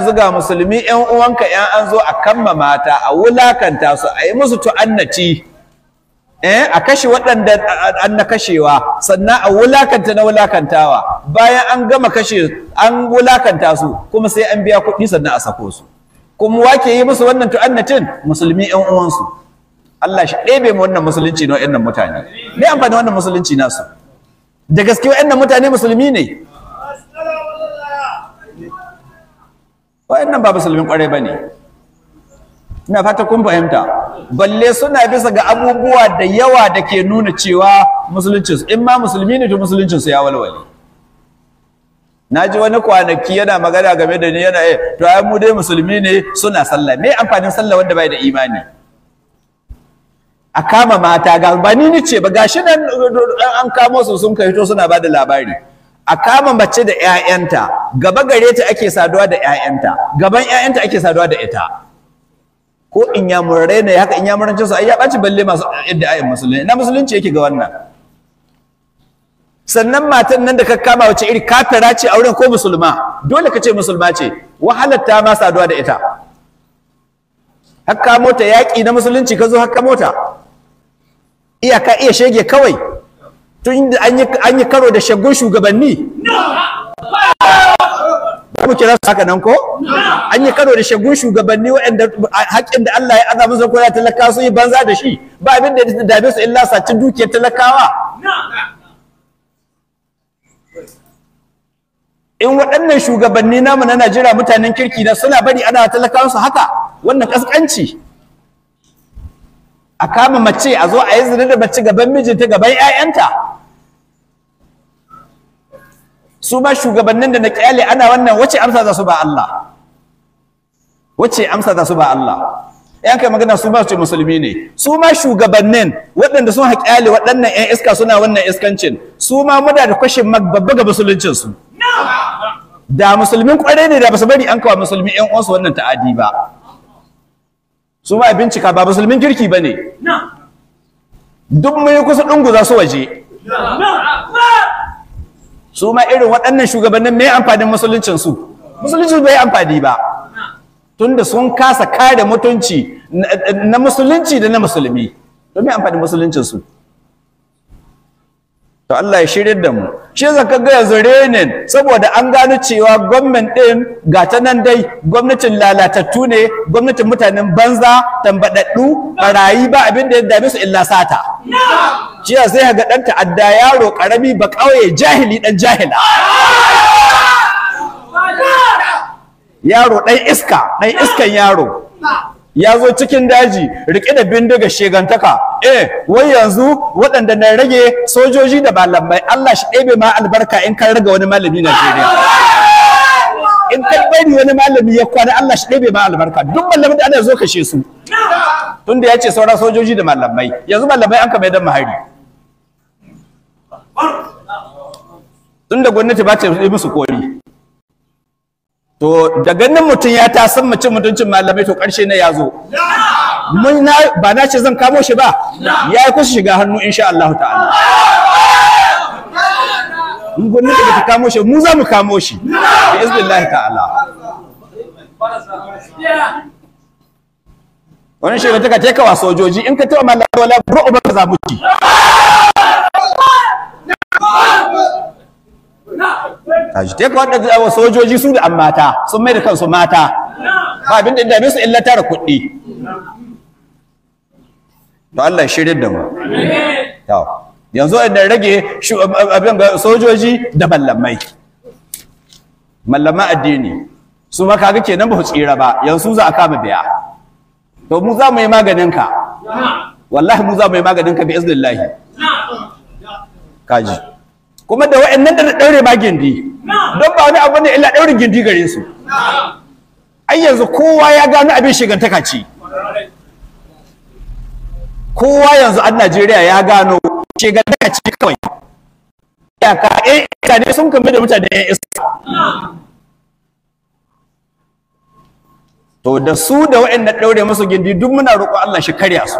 yanzu ga musulmi yan uwanka yan an zo a kamma mata a wulakanta su a yi musu tu'annaci eh a kashe waɗanda an na kashewa sannan a wulakanta na wulakantawa bayan an gama kashe an wulakanta su kuma sai an biya kuɗi sannan a sako su kuma wake yi musu wannan tu'annacin musulmi yan uwansu Allah shi ɗebe mu wannan musulunci na waɗannan mutane me amfani wannan musulunci nasu da gaske waɗannan mutane musulmi ne nan ba musulmin kwarai ba ne ina fata kun fahimta balle suna bisa ga abubuwa da yawa da ke nuna cewa musuluncinsu in ma musulmi ne to musuluncinsu ya walwale na ji wani kwanaki yana magana game da ni yana eh, to ai mu dai musulmi ne suna sallah me amfanin sallah wanda bai da imani a kama mata ga ba ni ce ba gashi nan an kamo su sun kai to suna ba da labari a kama mace da 'ya'yanta gaba gare ta ake saduwa da 'ya'yanta gaban 'ya'yanta ake saduwa da ita ko in murare ne haka in murance su ai ya ɓaci balle masu yadda ayin musulunci na musulunci yake ga wannan sannan matan nan da ka kama wace iri kafira ce auren ko musulma dole ka ce musulma ce wahalar ta ma saduwa da ita hakka mota yaƙi na musulunci ka zo hakka mota iyaka iya shege kawai tun an yi karo da shagun shugabanni ba mu kira su nan ko an yi karo da shagun shugabanni waɗanda haƙƙin da Allah ya aza musu ko ya talaka su yi banza da shi ba abin da ya dame su illa sace dukiyar talakawa in waɗannan shugabanni namu na Najeriya mutanen kirki na suna bari ana talakawa su haka wannan kaskanci a kama mace a zo a yi zina da mace gaban mijinta gaban 'ya'yanta su ma shugabannin da na kyale ana wannan wace amsa za su ba Allah wace amsa za su ba Allah yan kai magana su ba su musulmi ne su ma shugabannin waɗanda sun haƙyale waɗannan ƴan iska suna wannan iskancin su ma muda da kwashin babba ga musuluncin su da musulmin kwarai ne da ba su bari an kawo musulmi ƴan uwansu wannan ta'adi ba su ma bincika ba musulmin kirki ba ne duk mai kusa ɗungu za su waje su ma irin waɗannan shugabannin mai amfanin musuluncin su musulunci bai amfani ba tunda sun kasa kare mutunci na musulunci da na musulmi don mai amfanin musuluncin su to Allah ya shirye da mu shi zan ka ga yanzu renin saboda an gano cewa gwamnan din ga ta nan dai gwamnatin lalatattu ne gwamnatin mutanen banza tambadaddu barayi ba abin da ya dame su illa sata shi ya sai ga dan ta'adda yaro karami ba kauye jahili dan jahila yaro dan iska dan iskan yaro ya zo cikin daji riƙe da bindiga shegantaka eh wai yanzu waɗanda na rage sojoji da malamai Allah shi ɗebe ma albarka in ka rage wani malami na jere in ka bari wani malami ya kwana Allah shi ɗebe ma albarka duk malamin da ana zo kashe su tunda ya ce sauran sojoji da malamai yanzu malamai an kama dan mahari tunda gwamnati ba ta yi musu kori to da ganin mutum ya ta san mutum mutuncin malamai to karshe na ya zo mun na ba na ce zan kamo shi ba ya yi kusa shiga hannu insha Allah ta'ala mun gwamnati da ta kamo shi mu za mu kamo shi bi iznillahi ta'ala wannan shi ta kace kawa sojoji in ka tawa malamai wala ru'u ba za mu ci kaji ta kwaɗa sojoji su da an mata sun mai da kansu mata ba bin da dame su illa tara kuɗi to Allah shirin da mu yanzu idan rage abin sojoji da mallamai mallama addini su ma kaga kenan ba su tsira ba yanzu za a kama biya to mu za mu yi maganin ka wallahi mu za mu yi maganin ka bi iznillahi kaji kuma da wa'annan da ɗaure bagin gindi don ba wani abu ne illa ɗaurin gindi gare su ai yanzu kowa ya gano abin shigantaka ce kowa yanzu an Najeriya ya gano shigantaka ce kawai Yaka ƴan eh, mutane sun kame da mutane ya iska to da su da waɗanda ɗaure musu gindi duk muna roƙo Allah shi karya su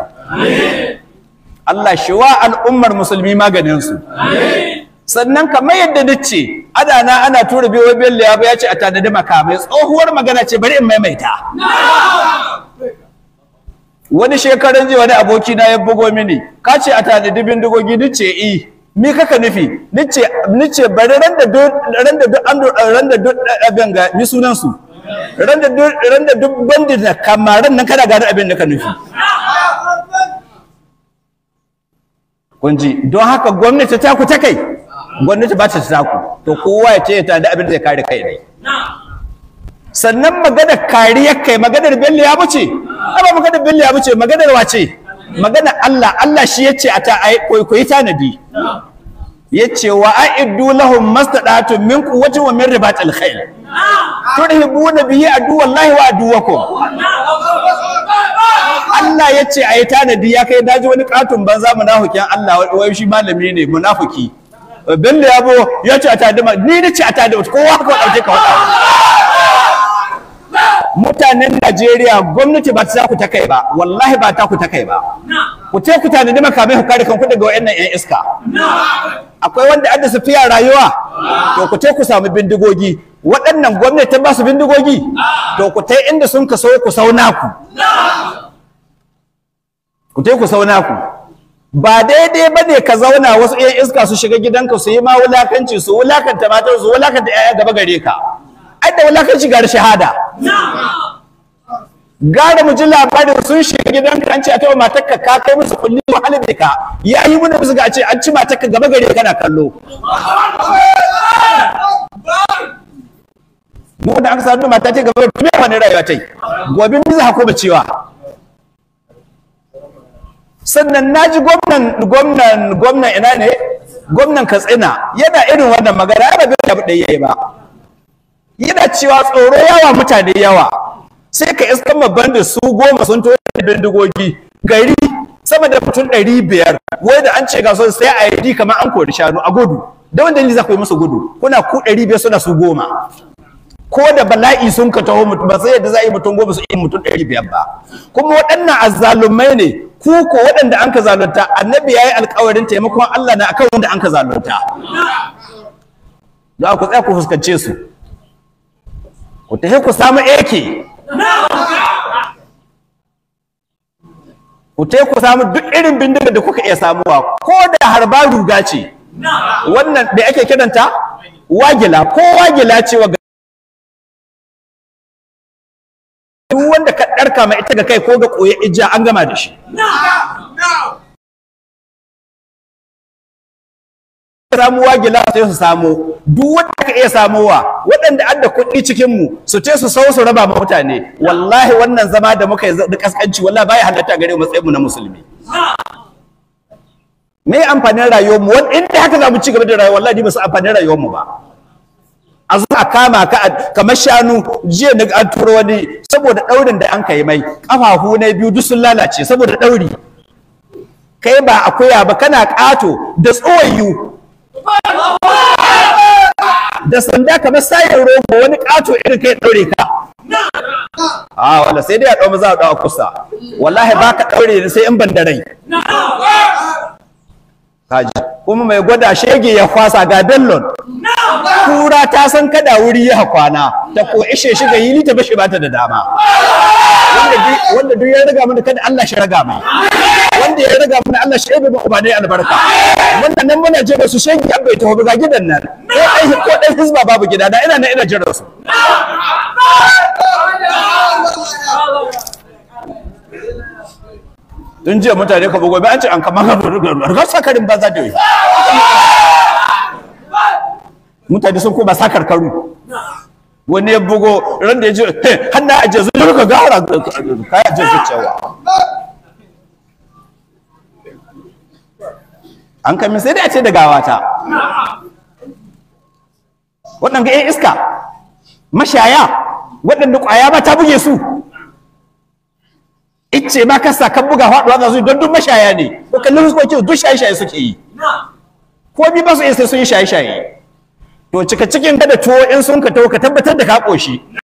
Allah shi wa al'ummar musulmi maganinsu. Amin. sannan kamar yadda dace ana na ana tura biyo biyan ya ya ce a tanadi makamai tsohuwar magana ce bari in maimaita wani shekaran ji wani aboki na ya bugo mini ka ce a tanadi bindigogi ce i eh. mi kaka nufi nace ce bari randa randa duk eh, abin ga mi sunan su randa duk bandi da kamarin nan kada gani abin da ka nufi kun ji don haka gwamnati ta ku ta kai gwamnati ba ta taku to kowa ya ce ya tada abin da zai kare kai ne sannan magana kariyar kai maganar bello ya buce ba maganar bello ya buce maganar wace maganar Allah Allah shi yace a ta kwaikwayi tanadi yace wa a'iddu lahum mastadatu min quwwatin wa min ribatil khayl turhibuna bihi wallahi wa aduwakum Allah yace ayi tanadi ya kai daji wani katun banza munafikin Allah wai shi malami ne munafiki bello yabo ya ce a tadima ni na ce a tadima kowa ka ɗauke ka wata mutanen Najeriya gwamnati ba ta ku ta kai ba wallahi ba ta ku ta kai ba ku ce ku tanadi makamai ku kare kanku daga wayannan yan iska akwai wanda adda su fiya rayuwa to ku ce ku samu bindigogi waɗannan gwamnati ta ba su bindigogi to ku ta inda sun ka so ku sauna ku ku ta ku sauna ku ba daidai ba ne ka zauna wasu iya iska su shiga gidanka su yi ma wulakanci su wulakanta matar su wulakanta ƴaƴa gaba gare ka ai da wulakanci gare shahada gara mu ji labarin sun shiga gidanka an ce a kai matarka ka kai musu kulli wahalar da ka ya yi muna musu ga ce an ci matarka gaba gare kana kallo mu da aka sadu mata ce gaba kuma ne rayuwa tai gobe mu za ku koma cewa sannan na ji gwamnan gwamnan gwamnan ina ne gwamnan katsina yana irin wannan magana ya rabe da yi ba yana cewa tsoro yawa mutane yawa sai ka iskan babban da su goma sun to bindigogi gari sama da mutum ɗari biyar wai da an ce ga son sai a yi kamar an kori shanu a gudu da wanda ni za ku yi musu gudu kuna ku ɗari biyar suna su goma ko da bala'i sun ka taho mutum ba sai yadda za a yi mutum goma su yi mutum ɗari biyar ba kuma waɗannan azzalumai ne ku ko waɗanda an ka zalunta annabi ya yi alkawarin taimakon Allah na akan wanda an ka zalunta da ku tsaya ku fuskance su ku tafi ku samu eke ku tafi ku samu duk irin bindiga da kuka iya samuwa ko da harba ruga ce wannan da ake kiranta wagila ko wagila ce wa duk wanda ka ɗarka mai ita ga kai ko ga koya ija, an gama da shi samuwa gila sai su samo duk wanda ka iya samowa waɗanda adda kuɗi cikin mu su ce su sau su raba mutane wallahi wannan zama da muka yi da kaskanci wallahi baya halatta gare mu matsayin mu na musulmi me amfanin rayuwar mu wanda inda haka za mu ci gaba da rayuwa wallahi ba su amfanin rayuwar mu ba a a kama ka kamar shanu jiya na an turo wani saboda daurin da an kai mai kafafu na biyu duk sun lalace saboda dauri kai ba akuya ba kana kato da tsoyu da sanda kamar sayar rogo wani kato irin kai daure ka a wala sai dai a dawo za a dawo kusa wallahi baka daure ni sai in ban da rai kaji kuma mai gwada shege ya kwasa ga bellon kura ta san kada wuri ya kwana ta ko ishe shiga yi ni ta bashi bata da dama wanda duk ya riga mana kada Allah shi raga mai wanda ya riga mana Allah shi ba ba dai albarka wannan nan muna je ba su shege an bai taho ga gidan nan ko dai ko dai hizba babu gida da ina na ina jira su tun jiya mutane ka bugo an ce an kama ka rugar sakarin ba za ta yi mutane sun koma sakar karu wani ya bugo ran da ya ji hannu a jazu ya ka gara kaya jazu cewa an kami sai dai a ce da gawata waɗanda ya iska mashaya waɗanda ƙwaya ba ta buge su ice ma kasa kan buga faɗuwa za su yi don duk mashaya ne ko kallon fuskokin duk shaye-shaye suke yi ko bi ba su iya sai sun yi shaye-shaye to cika cikin kada tuwo in sun ka ka tabbatar da ka ƙoshi